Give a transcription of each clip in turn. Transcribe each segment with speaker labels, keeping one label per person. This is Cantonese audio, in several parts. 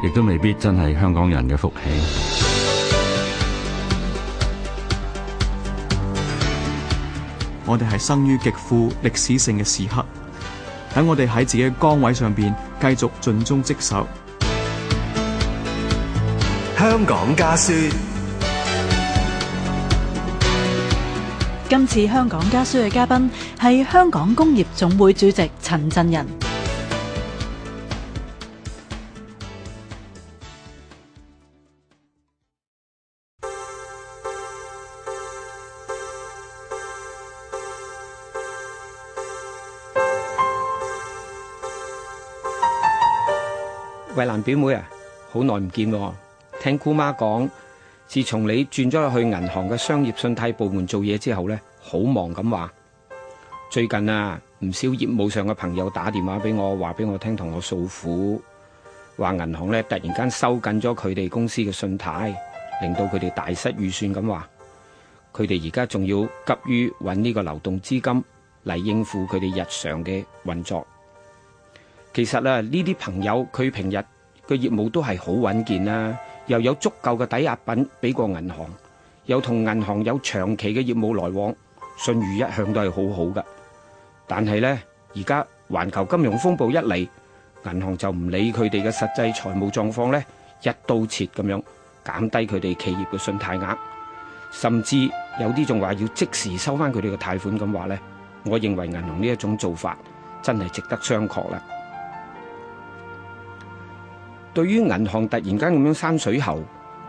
Speaker 1: 亦都未必真係香港人嘅福氣。我哋係生於極富歷史性嘅時刻，等我哋喺自己嘅崗位上邊繼續盡忠職守。香港家書。今次香港家書嘅嘉賓係香港工業總會主席陳鎮仁。蔚蘭表妹啊，好耐唔見喎！聽姑媽講，自從你轉咗去銀行嘅商業信貸部門做嘢之後呢，好忙咁話。最近啊，唔少業務上嘅朋友打電話俾我，話俾我聽，同我訴苦，話銀行呢突然間收緊咗佢哋公司嘅信貸，令到佢哋大失預算咁話。佢哋而家仲要急於揾呢個流動資金嚟應付佢哋日常嘅運作。其實啊，呢啲朋友佢平日嘅業務都係好穩健啦，又有足夠嘅抵押品俾個銀行，又同銀行有長期嘅業務來往，信譽一向都係好好噶。但係呢，而家環球金融風暴一嚟，銀行就唔理佢哋嘅實際財務狀況呢，一刀切咁樣減低佢哋企業嘅信貸額，甚至有啲仲話要即時收翻佢哋嘅貸款咁話呢，我認為銀行呢一種做法真係值得商榷啦。對於銀行突然間咁樣生水喉，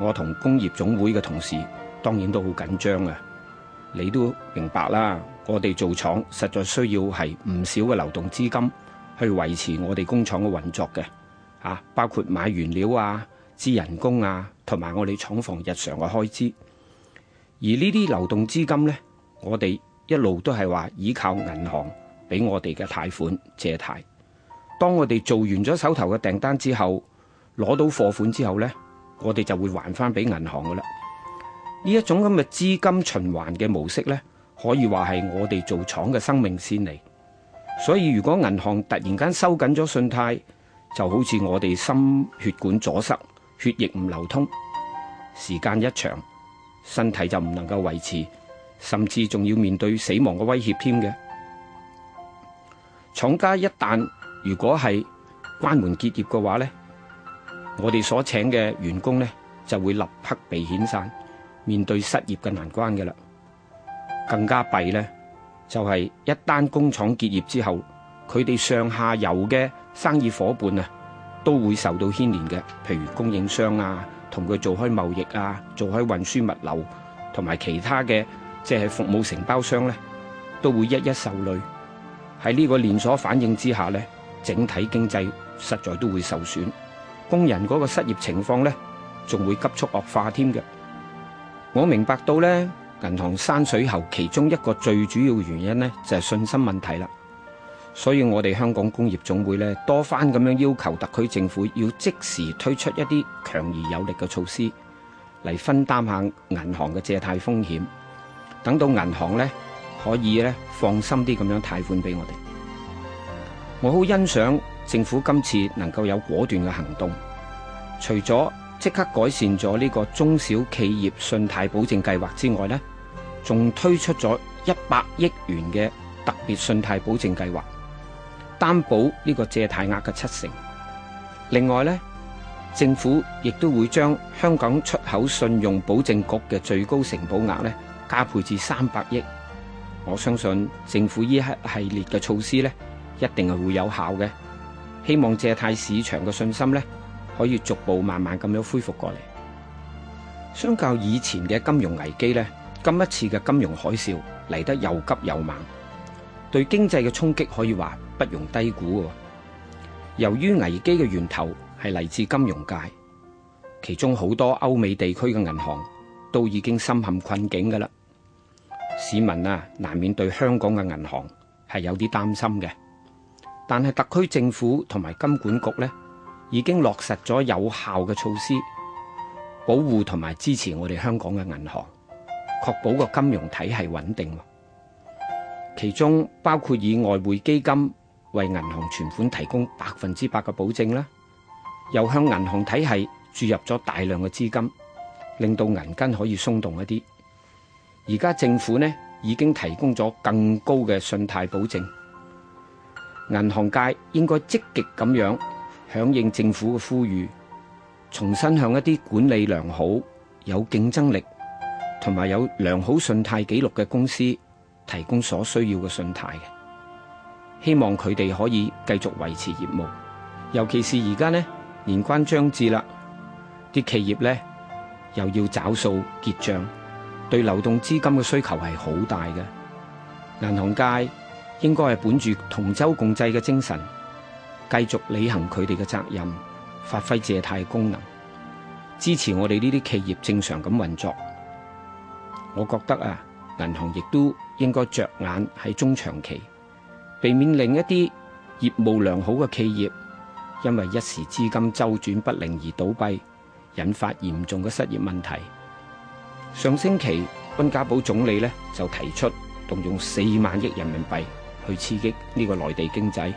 Speaker 1: 我同工業總會嘅同事當然都好緊張啊！你都明白啦，我哋做廠實在需要係唔少嘅流動資金去維持我哋工廠嘅運作嘅，包括買原料啊、支人工啊、同埋我哋廠房日常嘅開支。而呢啲流動資金呢，我哋一路都係話依靠銀行俾我哋嘅貸款借貸。當我哋做完咗手頭嘅訂單之後，攞到貨款之後呢，我哋就會還翻俾銀行㗎啦。呢一種咁嘅資金循環嘅模式呢，可以話係我哋做廠嘅生命線嚟。所以如果銀行突然間收緊咗信貸，就好似我哋心血管阻塞，血液唔流通，時間一長，身體就唔能夠維持，甚至仲要面對死亡嘅威脅添嘅。廠家一旦如果係關門結業嘅話呢，我哋所請嘅員工呢，就會立刻被遣散，面對失業嘅難關嘅啦。更加弊呢，就係一單工廠結業之後，佢哋上下游嘅生意伙伴啊，都會受到牽連嘅。譬如供應商啊，同佢做開貿易啊，做開運輸物流同埋其他嘅，即係服務承包商呢，都會一一受累。喺呢個連鎖反應之下呢，整體經濟實在都會受損。工人嗰個失業情況咧，仲會急速惡化添嘅。我明白到咧，銀行閂水喉其中一個最主要原因咧，就係信心問題啦。所以我哋香港工業總會咧，多番咁樣要求特區政府要即時推出一啲強而有力嘅措施，嚟分擔下銀行嘅借貸風險。等到銀行咧可以咧放心啲咁樣貸款俾我哋，我好欣賞。政府今次能夠有果斷嘅行動，除咗即刻改善咗呢個中小企業信貸保證計劃之外呢，咧仲推出咗一百億元嘅特別信貸保證計劃，擔保呢個借貸額嘅七成。另外咧，政府亦都會將香港出口信用保證局嘅最高承保額咧加倍至三百億。我相信政府呢一系列嘅措施咧，一定係會有效嘅。希望借貸市場嘅信心咧，可以逐步慢慢咁樣恢復過嚟。相較以前嘅金融危機咧，今一次嘅金融海嘯嚟得又急又猛，對經濟嘅衝擊可以話不容低估。由於危機嘅源頭係嚟自金融界，其中好多歐美地區嘅銀行都已經深陷困境嘅啦，市民啊難免對香港嘅銀行係有啲擔心嘅。但係特區政府同埋金管局呢，已經落實咗有效嘅措施，保護同埋支持我哋香港嘅銀行，確保個金融體系穩定。其中包括以外匯基金為銀行存款提供百分之百嘅保證啦，又向銀行體系注入咗大量嘅資金，令到銀根可以鬆動一啲。而家政府呢，已經提供咗更高嘅信貸保證。銀行界應該積極咁樣響應政府嘅呼籲，重新向一啲管理良好、有競爭力同埋有良好信貸記錄嘅公司提供所需要嘅信貸嘅。希望佢哋可以繼續維持業務，尤其是而家呢年關將至啦，啲企業呢又要找數結賬，對流動資金嘅需求係好大嘅。銀行界。應該係本住同舟共濟嘅精神，繼續履行佢哋嘅責任，發揮借貸功能，支持我哋呢啲企業正常咁運作。我覺得啊，銀行亦都應該着眼喺中長期，避免令一啲業務良好嘅企業因為一時資金周轉不靈而倒閉，引發嚴重嘅失業問題。上星期溫家寶總理咧就提出動用四萬億人民幣。去刺激呢個內地經濟，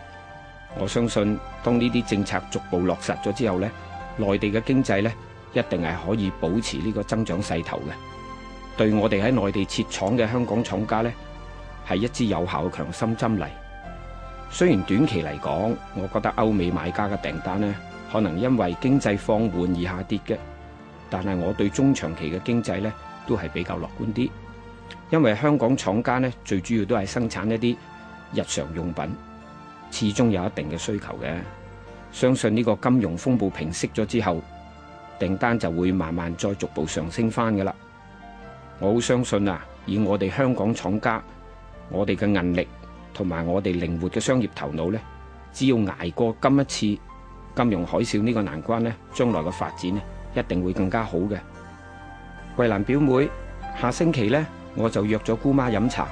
Speaker 1: 我相信當呢啲政策逐步落實咗之後咧，內地嘅經濟咧一定係可以保持呢個增長勢頭嘅。對我哋喺內地設廠嘅香港廠家咧，係一支有效嘅強心針嚟。雖然短期嚟講，我覺得歐美買家嘅訂單咧可能因為經濟放緩而下跌嘅，但係我對中長期嘅經濟咧都係比較樂觀啲，因為香港廠家咧最主要都係生產一啲。日常用品始終有一定嘅需求嘅，相信呢個金融風暴平息咗之後，訂單就會慢慢再逐步上升翻嘅啦。我好相信啊，以我哋香港廠家，我哋嘅韌力同埋我哋靈活嘅商業頭腦呢，只要挨過今一次金融海嘯呢個難關呢，將來嘅發展呢，一定會更加好嘅。桂蘭表妹，下星期呢，我就約咗姑媽飲茶。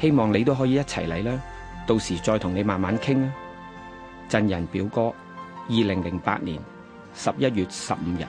Speaker 1: 希望你都可以一齊嚟啦，到時再同你慢慢傾啊。鎮仁表哥，二零零八年十一月十五日。